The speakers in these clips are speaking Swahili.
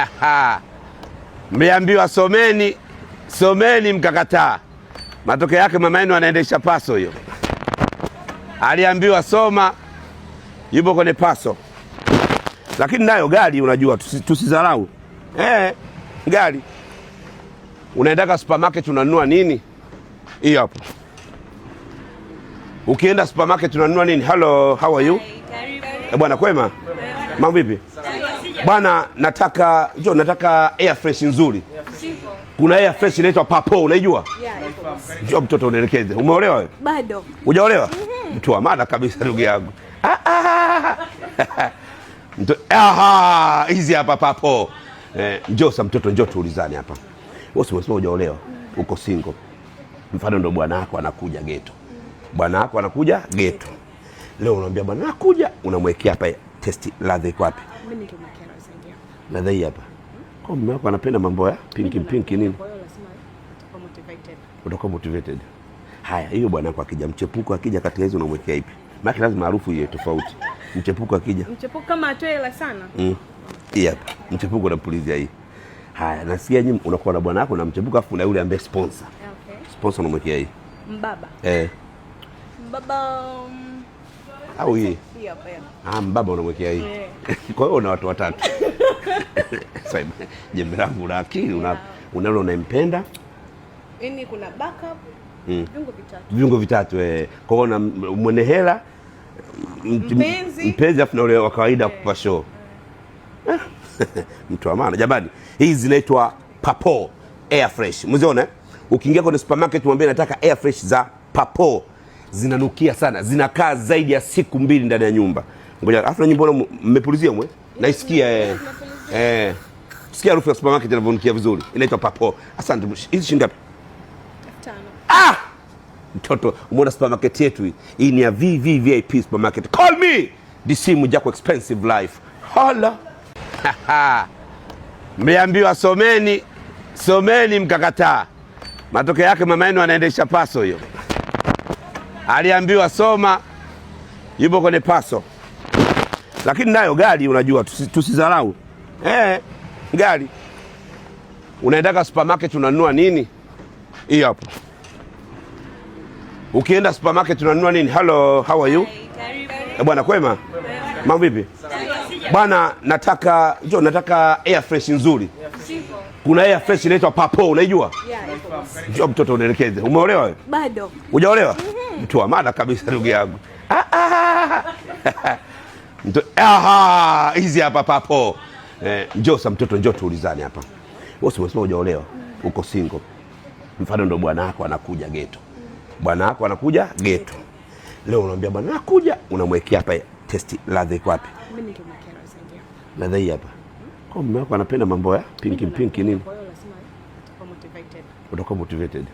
mliambiwa someni, someni mkakataa. Matokeo yake mama yenu anaendesha paso hiyo. Aliambiwa soma, yupo kwenye paso. Lakini nayo gari, unajua tusizarau eh, gari unaendaka supermarket unanunua nini? Hiyo hapo. Ukienda supermarket unanunua nini? Hello, how are you? Eh, bwana kwema, mambo vipi? Bwana, nataka jo, nataka air fresh nzuri. Kuna air fresh inaitwa Papo, unaijua? Jo, mtoto unielekeze. Umeolewa wewe? Bado. Hujaolewa? Mm-hmm. Mtu wa maana kabisa ndugu yangu. Aha, hizi hapa Papo. Eh, njoo sa mtoto, njoo tuulizane hapa. Wewe hujaolewa, mm-hmm. uko single. Mfano ndo bwana wako anakuja geto. Bwana wako anakuja geto. Leo unamwambia bwana nakuja, unamwekea hapa testi ladha iko wapi? Na dhai hapa. Kwa mume wako anapenda mambo ya pinki pinki nini? Kwa utakuwa motivated. Haya, hiyo bwana kwa akija mchepuko akija katika hizo unamwekea ipi? Maana lazima harufu iwe tofauti. Mchepuko akija. Mchepuko kama atoe hela sana. Mm. Hii hapa. Mchepuko unapulizia hii. Haya, nasikia nyinyi unakuwa na bwana wako na mchepuko afu na yule ambaye sponsor. Okay. Sponsor unamwekea hii. Mbaba. Eh. Mbaba. Um au hii? Ah, mbaba unamwekea hii. Eh. Kwa hiyo una watu watatu. Sasa jembe langu la akili una unalo unampenda. Yaani kuna backup mm. Viungo vitatu. Viungo vitatu eh. Kwa hiyo una mwenye hela mpenzi mpenzi afu na ule wa kawaida eh. kupa show. Eh. Mtu wa maana jamani, hizi zinaitwa Papo Air Fresh. Mzione ukiingia kwenye supermarket mwambie nataka air fresh za Papo zinanukia sana, zinakaa zaidi ya siku mbili ndani ya nyumba. Ngoja afu nyumba mbona mmepulizia mwe? Naisikia eh. Eh. Sikia harufu ya supermarket inavyonukia vizuri. Inaitwa papo. Asante. Hizi shilingi ngapi? Ah! Mtoto, umeona supermarket yetu hii. Hii ni ya VVVIP supermarket. Call me. This simu yako expensive life. Hola. Mmeambiwa someni, someni mkakataa. Matokeo yake mama yenu anaendesha paso hiyo aliambiwa soma, yupo kwenye paso, lakini nayo gari unajua, tusidharau eh, gari unaendaka supermarket unanunua nini? Hii hapo ukienda supermarket unanunua nini? Hello, how are you? E bwana, kwema, mambo vipi bwana? Nataka jo, nataka air fresh nzuri. Kuna air fresh inaitwa Papo, unaijua? Jo, mtoto unaelekeze. Umeolewa wewe? Bado hujaolewa? mtu wa maana kabisa, ndugu yangu ah, ah, ah, hizi hapa papo eh, njosa mtoto, njoo tuulizane hapa. Wewe umesema hujaolewa, uko single, mfano ndo bwana wako anakuja geto, bwana wako anakuja geto leo, unamwambia bwana nakuja, unamwekea hapa testi, ladha iko wapi? Ladha hii hapa kwa oh, mume wako anapenda mambo ya pinki pinki nini, utakuwa motivated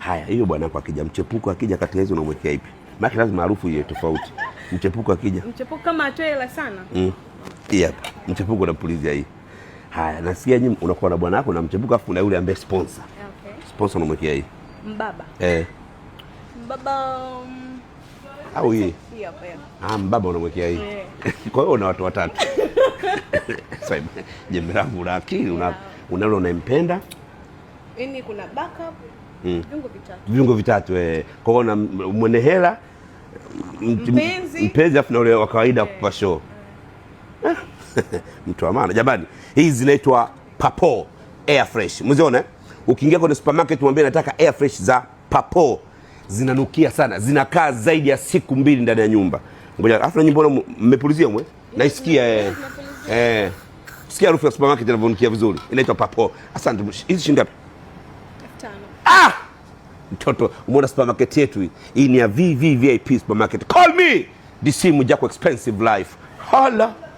Haya, hiyo bwana yako akija, mchepuko akija, katika hizo unamwekea ipi? Maana lazima harufu iwe tofauti. Mchepuko akija, mchepuko kama atoe hela sana mm. Hii hapa mchepuko unapulizia hii. Haya, nasikia nyinyi unakuwa na bwana yako na mchepuko, afu na yule ambaye sponsor. Okay, sponsor unamwekea hii mbaba eh, mbaba um... au hii hii hapa ah, mbaba unamwekea hii yeah. Kwa hiyo una watu watatu sasa. Jembe langu la akili unalo unampenda, yaani kuna backup Mm. viungo vitatu, viungo vitatu eh. Kwa hiyo na mwenye hela mpenzi, mpenzi afu na ule wa kawaida okay. Eh. kupa show ah, mtu wa maana jamani, hizi zinaitwa Papo Air Fresh, mzione eh? ukiingia kwenye supermarket mwambie nataka Air Fresh za Papo, zinanukia sana, zinakaa zaidi ya siku mbili ndani ya nyumba. Ngoja afu na nyumba mmepulizia mwe, naisikia eh eh, sikia harufu ya supermarket inavyonukia vizuri, inaitwa Papo. Asante. hizi shilingi ngapi? ah! Mtoto umeona supermarket yetu hii ni ya VVVIP supermarket. Call me disimu jako expensive life. Hala.